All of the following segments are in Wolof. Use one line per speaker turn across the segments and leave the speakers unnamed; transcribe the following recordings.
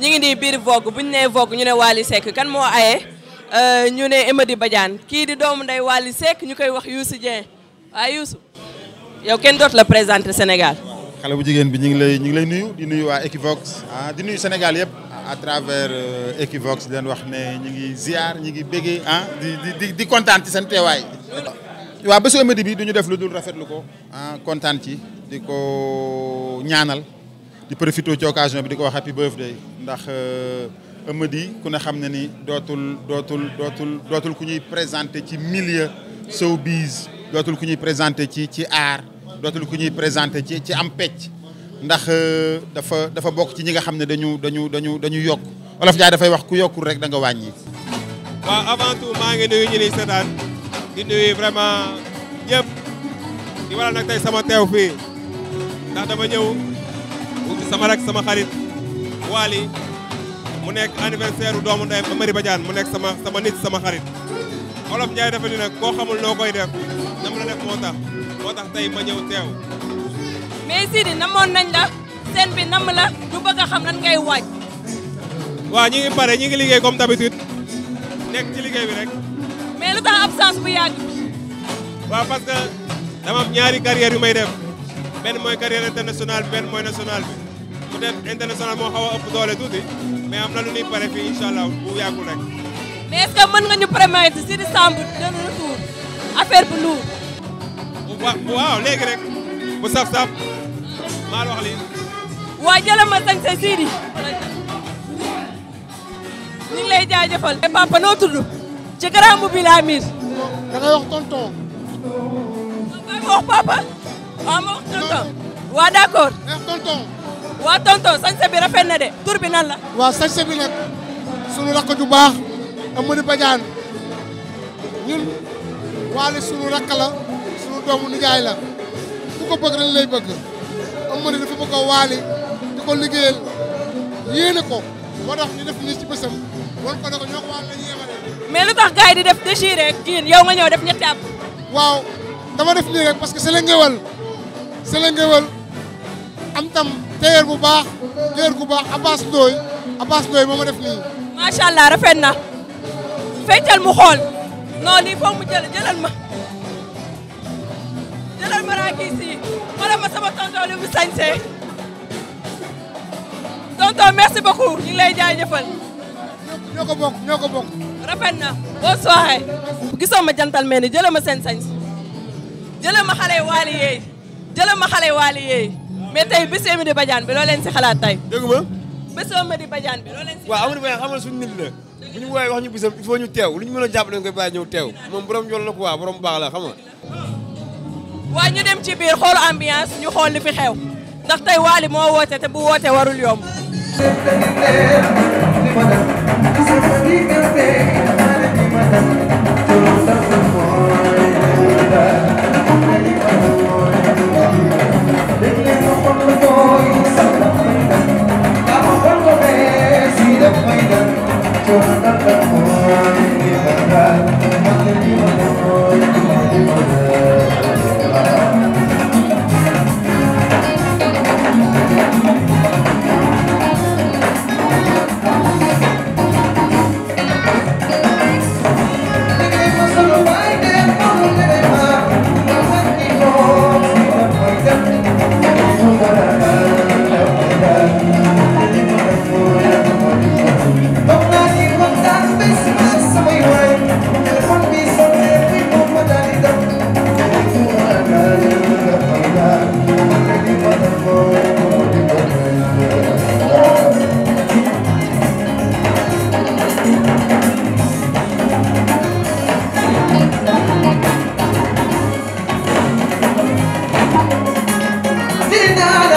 ñu ngi nii biir Vogue bu ñu nee Vogue ñu ne Wally Seck kan moo aye euh, ñu ne Emady Badiane kii di doomu day Wally sekk ñu koy wax Youssou Dieng waaye Youssou yow kenn doot la présenter Sénégal. xale bu jigéen bi ñu ngi lay ñu ngi lay nuyu di nuyu waa Equivox ah di nuyu Sénégal yëpp à travers euh, Equivox di leen wax ne ñu ngi ziar ñu ngi béggee ah di di di kontaan ci seen teewaay. waaw bésu Emady bi du ñu def lu dul rafetlu ko ah kontaan ci di ko ñaanal. di profité ci occasion bi di ko wax happy birthday ndax euh, Amady ku ne xam ne ni dootul dootul dootul dootul ku ñuy présenté ci milieu showbiz dootul ku ñuy présenté ci ci art dootul ku ñuy présenté ci ci am pecc ndax euh, dafa dafa bokk ci ñi nga xam ne dañu dañu dañu dañu yokk Olof Njaay dafay wax ku yokkul rek da nga wàññi. waaw avant tout maa ngi nuyu ñu ni seetaan di vraiment ñëpp di waral nag tey sama teew fii ndax dama ñëw. sama rak sama xarit Waly mu nekk anniversaire u doomu ndeyam Amary Badiane mu nekk sama sama nit sama xarit olof Ndiaye dafa ni nag xamul noo koy def nam la def moo tax moo tax tey ma ñëw teew mais Sidy namoon nañ la seen bi nam la du bëgg a xam lan waaj waaw ñi ngi pare ñi ngi liggéey comme d'habitude nekk ci liggéey bi rek mais lu tax absence bu yàgg waaw parce que dama ñaari carrière yu may def benn mooy carrière internationale bi benn mooy nationale bi peut-être international moo a ëpp doole tuuti mais am na lu ñuy pare fii incha bu yàggul rek. mais est mën nga ñu permettre si décembre de retour affaire bu lourd. waaw waaw léegi rek bu saf saf maa wax lii. waa jëlal ma sañ sa Sidi. ñu ngi lay jaajëfal. mais eh, papa ci grand bu bi laa miir. da ngay wax tonton. waaw ma wax papa. waaw ma wax tonton. waa waa tonton sañse bi de tur bi nan la. waaw sañse bi sunu rakk ju baax Amady Badiane ñun Wally sunu rakk sunu doomu nijaay la ku bëgg rek lay bëgg Amady dafa bëgg a Wally di ko liggéeyal yéene ko moo tax ñu def nii ci bésam wan ko ne ñoo ko wax dañuy yemale. mais lu tax gars di def déchiré ak jiin yow nga def ñetti ab. waaw dama def nii parce que c'est am tam. téyeer bu baax téyeer bu baax Abbas Ndoye Abbas def nii. macha allah rafet na feccal mu xool non lii foog mu jël jëlal ma jëlal ma raakis yi wala ma sama mu sañse tonton merci beaucoup ñu ngi lay ñoo ko ñoo ko rafet na boo sooxee. gisoo ma jantal mel ni ma seen sañse ma xale waali yeey ma xale waali mais tey bés Amady Badiane bi si xalaat tey. dégg nga. bajaan Amady Badiane bi loo leen si. waaw Amady Badiane xam nga suñu nit la. wax ñu bésam il faut ñu teew lu ñu mën a jàpp dañ koy bàyyi ñëw teew moom borom yoon la quoi borom baax la xam nga. ñu dem ci biir xoolu ñu xool li fi xew ndax tey Waly moo woote te bu woote warul yomb. na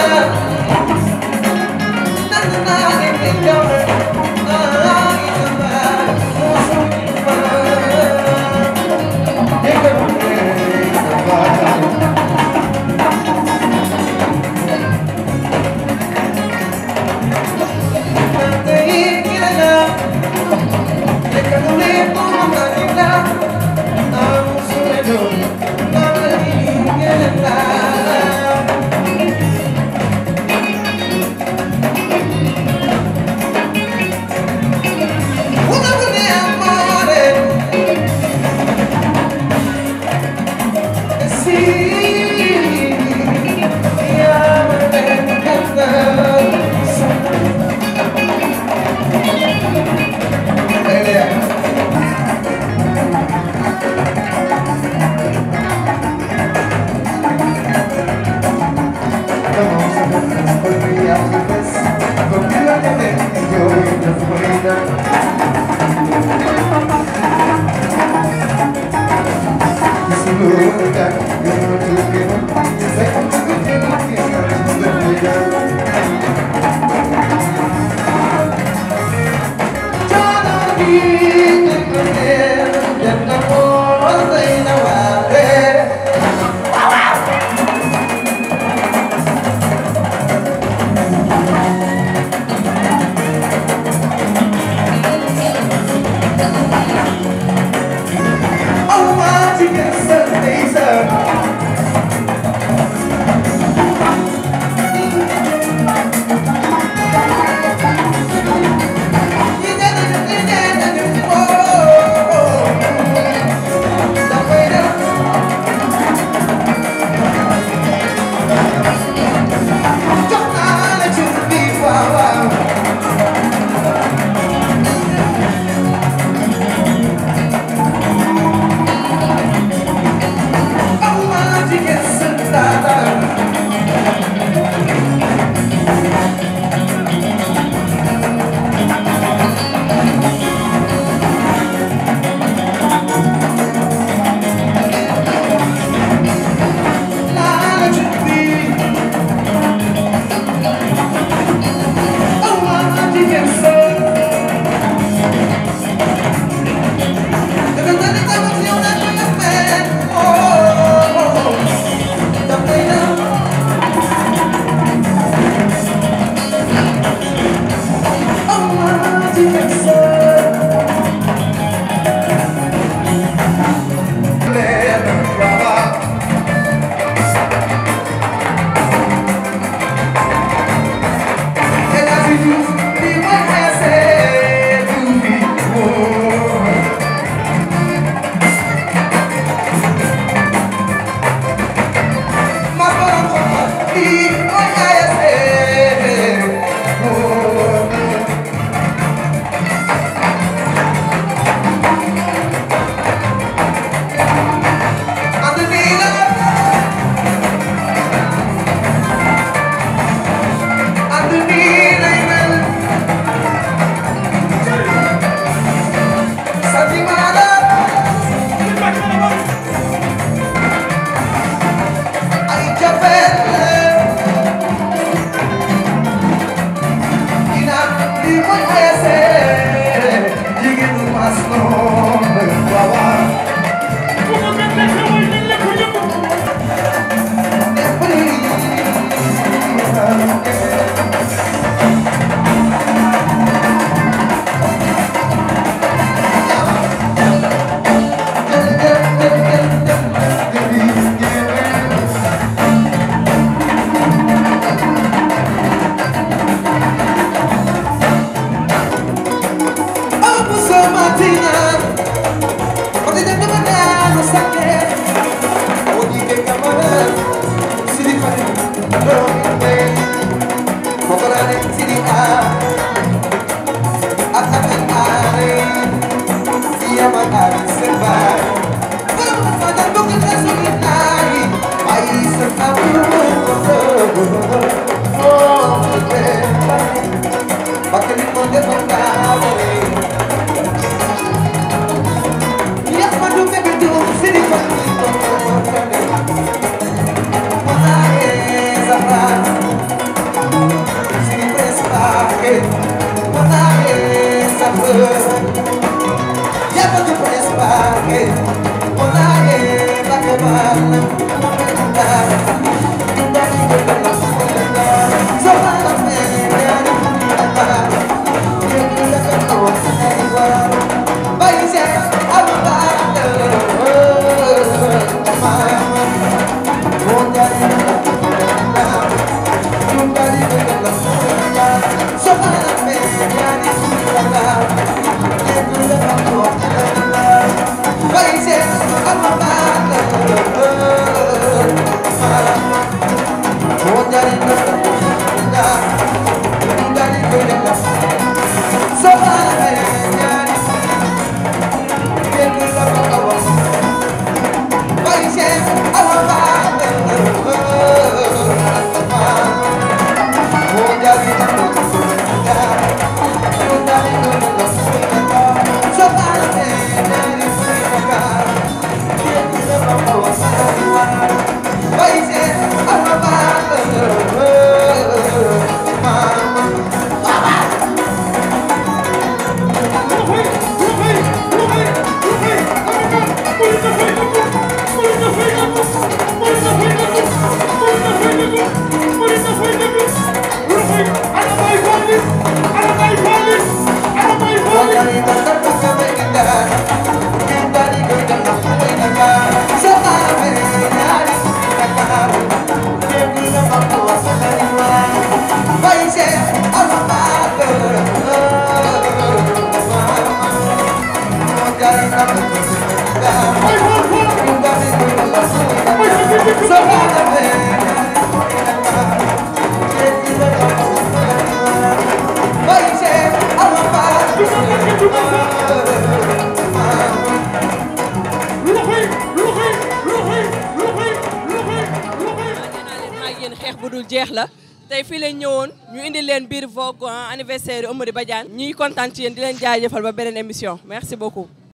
la tey fii lañ ñëwoon ñu indi leen biir Vogue ah, anniversaire Eumeudi Badiane ñuy kontaan ci yéen di leen jaajëfal ba beneen émission merci beaucoup